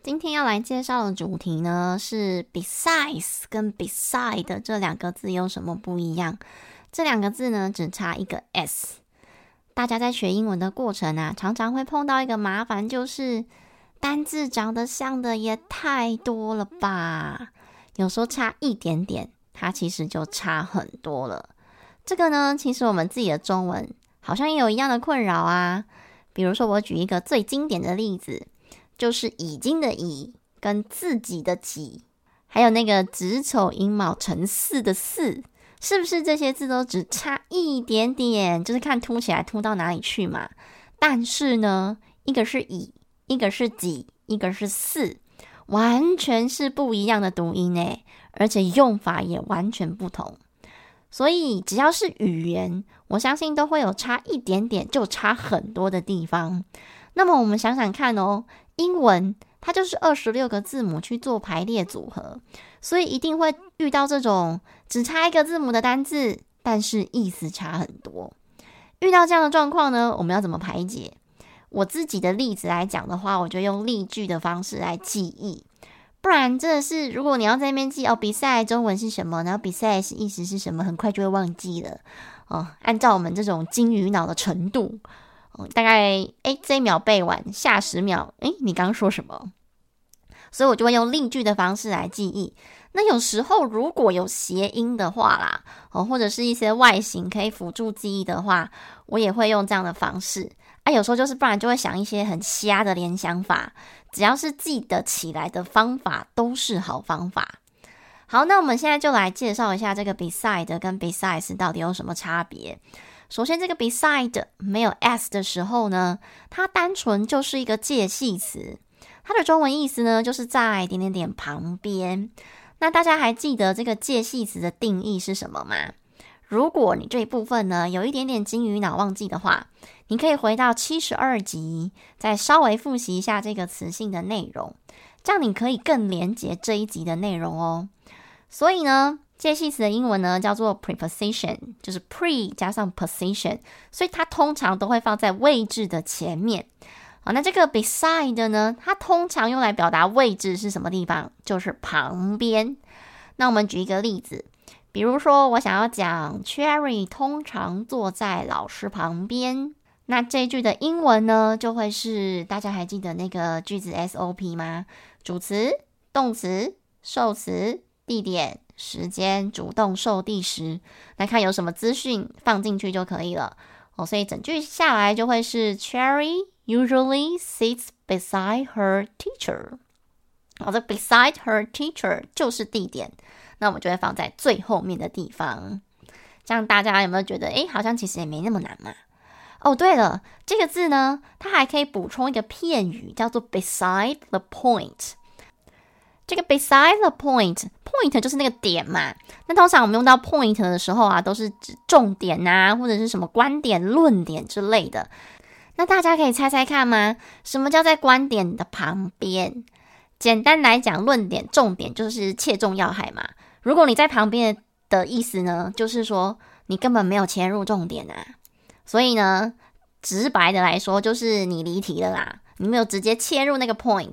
今天要來介紹的主題呢，是 besides 跟 beside 這兩個字有什麼不一樣？這兩個字呢，只差一個 s。大家在學英文的過程啊，常常會碰到一個麻煩，就是單字長得像的也太多了吧？有時候差一點點，它其實就差很多了。這個呢，其實我們自己的中文好像也有一樣的困擾啊。比如說，我舉一個最經典的例子。就是已經的已跟自己的己，還有那個子丑寅卯辰巳的巳，是不是這些字都只差一點點？就是看凸起來凸到哪裡去嘛。但是呢，一個是已，一個是己，一個是巳，完全是不一樣的讀音誒，而且用法也完全不同。所以只要是語言，我相信都會有差一點點就差很多的地方。那麼我們想想看哦。英文它就是二十六個字母去做排列組合，所以一定會遇到這種只差一個字母的單字，但是意思差很多。遇到這樣的狀況呢，我們要怎麼排解？我自己的例子來講的話，我就用例句的方式來記憶，不然真的是如果你要在那邊記哦，beside 中文是什麼，然後 besides 意思是什麼，很快就會忘記了哦。按照我們這種金魚腦的程度。大概誒，這一秒背完，下十秒誒，你剛剛說什麼？所以，我就會用例句的方式來記憶。那有時候如果有諧音的話啦，哦，或者是一些外形可以輔助記憶的話，我也會用這樣的方式。啊，有時候就是不然就會想一些很瞎的聯想法。只要是記得起來的方法，都是好方法。好，那我們現在就來介紹一下這個 beside 跟 besides 到底有什麼差別。首先，這個 beside 沒有 s 的時候呢，它單純就是一個介系詞。它的中文意思呢，就是在一點點點旁邊。那大家還記得這個介系詞的定義是什麼嗎？如果你這一部分呢有一點點金魚腦忘記的話，你可以回到七十二集，再稍微複習一下這個詞性的內容，這樣你可以更連接這一集的內容哦。所以呢。介系詞的英文呢叫做 preposition，就是 pre 加上 position，所以它通常都會放在位置的前面。好，那這個 beside 呢，它通常用來表達位置是什麼地方，就是旁邊。那我們舉一個例子，比如說我想要講 Cherry 通常坐在老師旁邊，那這一句的英文呢就會是，大家還記得那個句子 SOP 嗎？主詞、動詞、受詞、地點。時間主動受地時，來看有什麼資訊放進去就可以了哦。所以整句下來就會是 Cherry usually sits beside her teacher。好，哦，這 beside her teacher 就是地點，那我們就會放在最後面的地方。這樣大家有沒有覺得，誒，好像其實也沒那麼難嘛？哦，對了，這個字呢，它還可以補充一個片語，叫做 beside the point。這個 beside the point，point point 就是那個點嘛。那通常我們用到 point 的時候啊，都是指重點吶、啊，或者是什麼觀點、論點之類的。那大家可以猜猜看嗎？什麼叫在觀點的旁邊？簡單來講，論點、重點就是切中要害嘛。如果你在旁邊的意思呢，就是說你根本沒有切入重點啊。所以呢，直白的來說，就是你離題了啦。你沒有直接切入那個 point。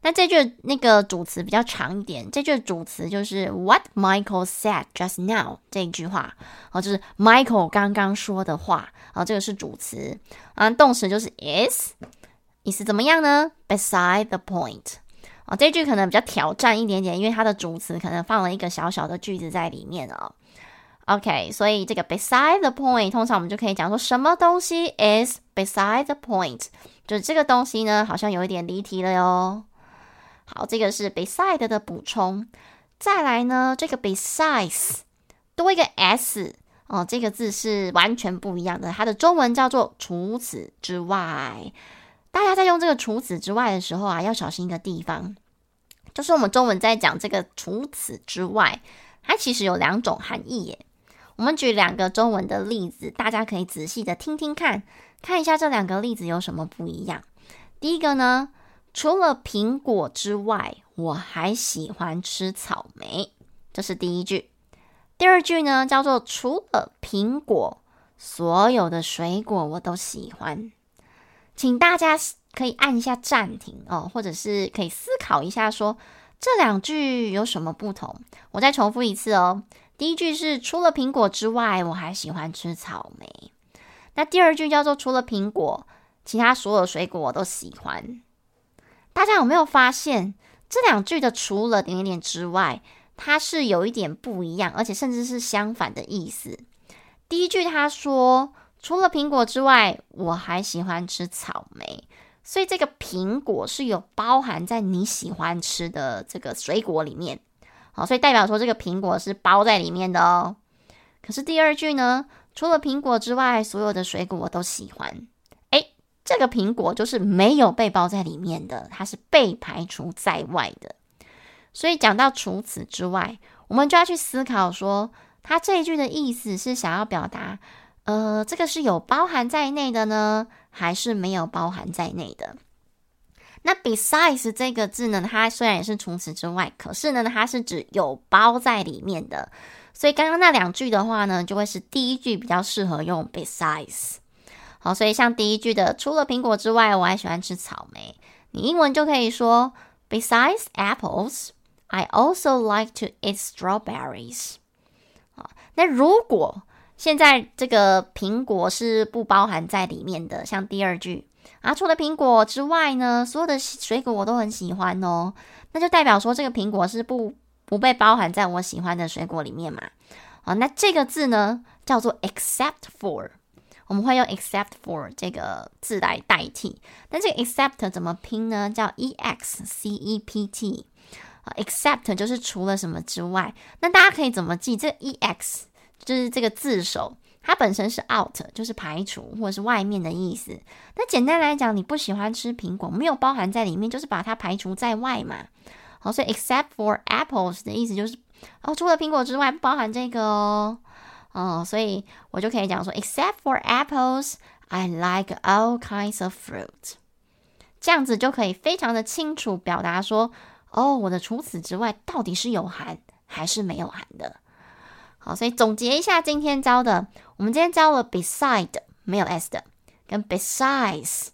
那這句那個主詞比較長一點，這句主詞就是 "What Michael said just now" 這一句話，哦，就是 Michael 剛剛說的話，啊、哦，這個是主詞，啊，動詞就是 "is"，意思怎麼樣呢？"Beside the point"，啊、哦，這句可能比較挑戰一點點，因為它的主詞可能放了一個小小的句子在裡面哦，OK，所以這個 "Beside the point"，通常我們就可以講說什麼東西 "is beside the point"，就這個東西呢，好像有一點離題了喲。好，這個是 beside 的補充。再來呢，這個 besides 多一個 s 哦，這個字是完全不一樣的。它的中文叫做“除此之外”。大家在用這個“除此之外”的時候啊，要小心一個地方，就是我們中文在講這個“除此之外”，它其實有兩種含義耶。我們舉兩個中文的例子，大家可以仔細的聽聽看，看一下這兩個例子有什麼不一樣。第一個呢，除了蘋果之外，我還喜歡吃草莓。這是第一句。第二句呢，叫做除了蘋果，所有的水果我都喜歡。請大家可以按一下暫停哦，或者是可以思考一下說，說這兩句有什麼不同？我再重複一次哦。第一句是除了蘋果之外，我還喜歡吃草莓。那第二句叫做除了蘋果，其他所有水果我都喜歡。大家有沒有發現這兩句的除了點點點之外，它是有一點不一樣，而且甚至是相反的意思。第一句他說，除了蘋果之外，我還喜歡吃草莓，所以這個蘋果是有包含在你喜歡吃的這個水果裡面，好，所以代表說這個蘋果是包在裡面的哦。可是第二句呢，除了蘋果之外，所有的水果我都喜歡。這個蘋果就是沒有被包在裡面的，它是被排除在外的。所以講到除此之外，我們就要去思考說，它這一句的意思是想要表達，呃，這個是有包含在內的呢，還是沒有包含在內的？那 besides 這個字呢，它雖然也是除此之外，可是呢，它是指有包在裡面的。所以剛剛那兩句的話呢，就會是第一句比較適合用 besides。好，所以像第一句的，除了蘋果之外，我還喜歡吃草莓。你英文就可以說：Besides apples, I also like to eat strawberries。好，那如果現在這個蘋果是不包含在裡面的，像第二句啊，除了蘋果之外呢，所有的水果我都很喜歡哦。那就代表說這個蘋果是不不被包含在我喜歡的水果裡面嘛。好，那這個字呢叫做 except for。我們會用 except for 這個字來代替，但這個 except 怎麼拼呢？叫 e x c e p t，except，啊，就是除了什麼之外。那大家可以怎麼記？這個，e x 就是這個字首，它本身是 out，就是排除或者是外面的意思。那簡單來講，你不喜歡吃蘋果，沒有包含在裡面，就是把它排除在外嘛。好，啊，所以 except for apples 的意思就是，哦，除了蘋果之外，不包含這個哦。哦，所以我就可以講說，except for apples，I like all kinds of fruit。這樣子就可以非常的清楚表達說，哦，我的除此之外到底是有含還是沒有含的。好，所以總結一下今天教的，我們今天教了 beside 沒有 s 的，跟 besides。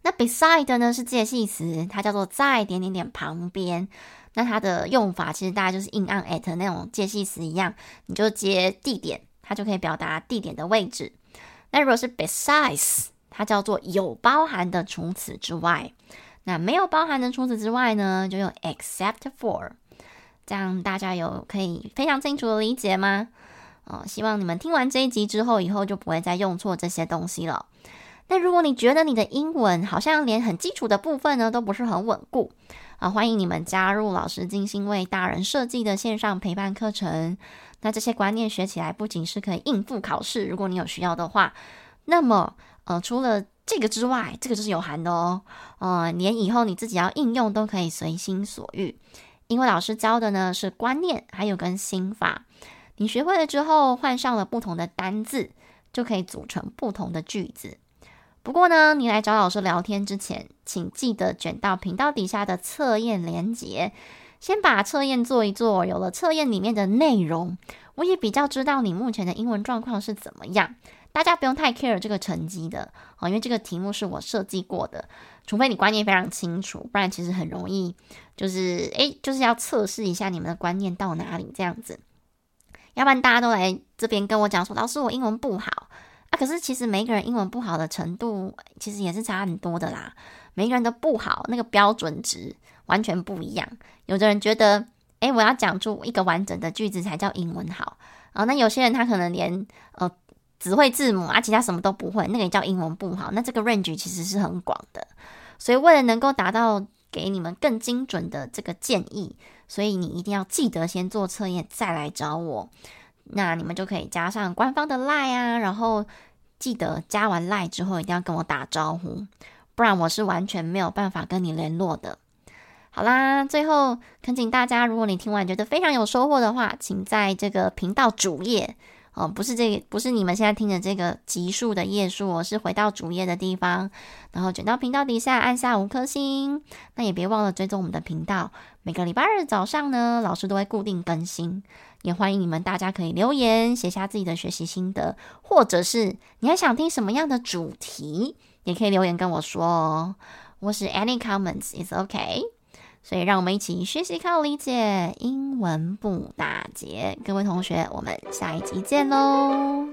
那 beside 呢是介系詞，它叫做在點點點旁邊。那它的用法其實大家就是 in on at 那種介系詞一樣，你就接地點，它就可以表達地點的位置。那如果是 besides，它叫做有包含的，除此之外，那沒有包含的，除此之外呢，就用 except for。這樣大家有可以非常清楚的理解嗎？哦，希望你們聽完這一集之後，以後就不會再用錯這些東西了。那如果你覺得你的英文好像連很基礎的部分呢，都不是很穩固。啊，歡迎你們加入老師精心為大人設計的線上陪伴課程。那這些觀念學起來，不僅是可以應付考試，如果你有需要的話，那麼呃，除了這個之外，這個就是有含的哦。呃，連以後你自己要應用都可以隨心所欲，因為老師教的呢是觀念，還有跟心法。你學會了之後，換上了不同的單字，就可以組成不同的句子。不過呢，你來找老師聊天之前，請記得捲到頻道底下的測驗連結，先把測驗做一做。有了測驗裡面的內容，我也比較知道你目前的英文狀況是怎麼樣。大家不用太 care 這個成績的哦，因為這個題目是我設計過的，除非你觀念非常清楚，不然其實很容易，就是哎，就是要測試一下你們的觀念到哪裡這樣子。要不然大家都來這邊跟我講說，老師我英文不好。啊，可是其實每個人英文不好的程度，其實也是差很多的啦。每個人的不好那個標準值完全不一樣。有的人覺得，哎，我要講出一個完整的句子才叫英文好啊。那有些人他可能連呃只會字母啊，其他什麼都不會，那個也叫英文不好。那這個 range 其實是很廣的。所以為了能夠達到給你們更精準的這個建議，所以你一定要記得先做測驗再來找我。那你們就可以加上官方的 LINE 啊，然後記得加完 LINE 之後一定要跟我打招呼，不然我是完全沒有辦法跟你聯絡的。好啦，最後懇請大家，如果你聽完覺得非常有收穫的話，請在這個頻道主頁哦，不是這個，不是你們現在聽的這個集數的頁數，哦，我是回到主頁的地方，然後卷到頻道底下，按下五顆星。那也別忘了追蹤我們的頻道，每個禮拜日早上呢，老師都會固定更新。也歡迎你們，大家可以留言寫下自己的學習心得，或者是你還想聽什麼樣的主題，也可以留言跟我說哦。我是 Any Comments , it's OK，所以讓我們一起學習靠理解，英文不打結。各位同學，我們下一集見嘍。